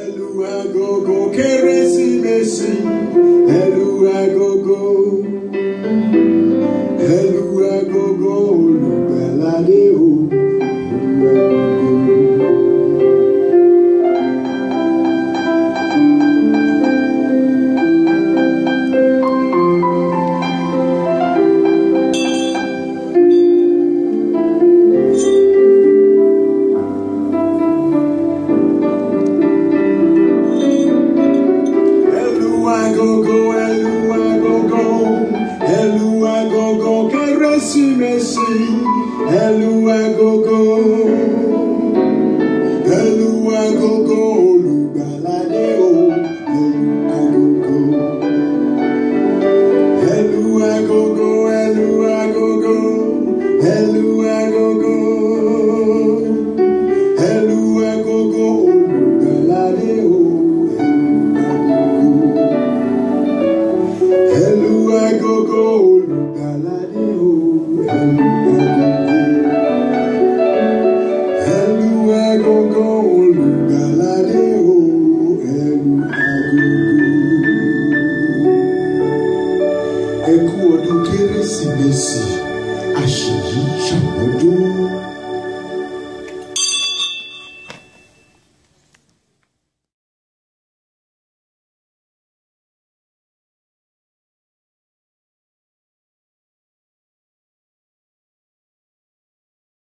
Ẹlú agogo Hello, ẹlú agogo. merci, merci, Eluwa gogo, Eluwa gogo, olùgbàlàdé o, Eluwa gogo, Eluwa gogo, Eluwa gogo, Eluwa gogo, Eluwa gogo, olùgbàlàdé o, Eluwa gogo, Eluwa gogo, olùgbàlàdé o. si bɛ a si yi do.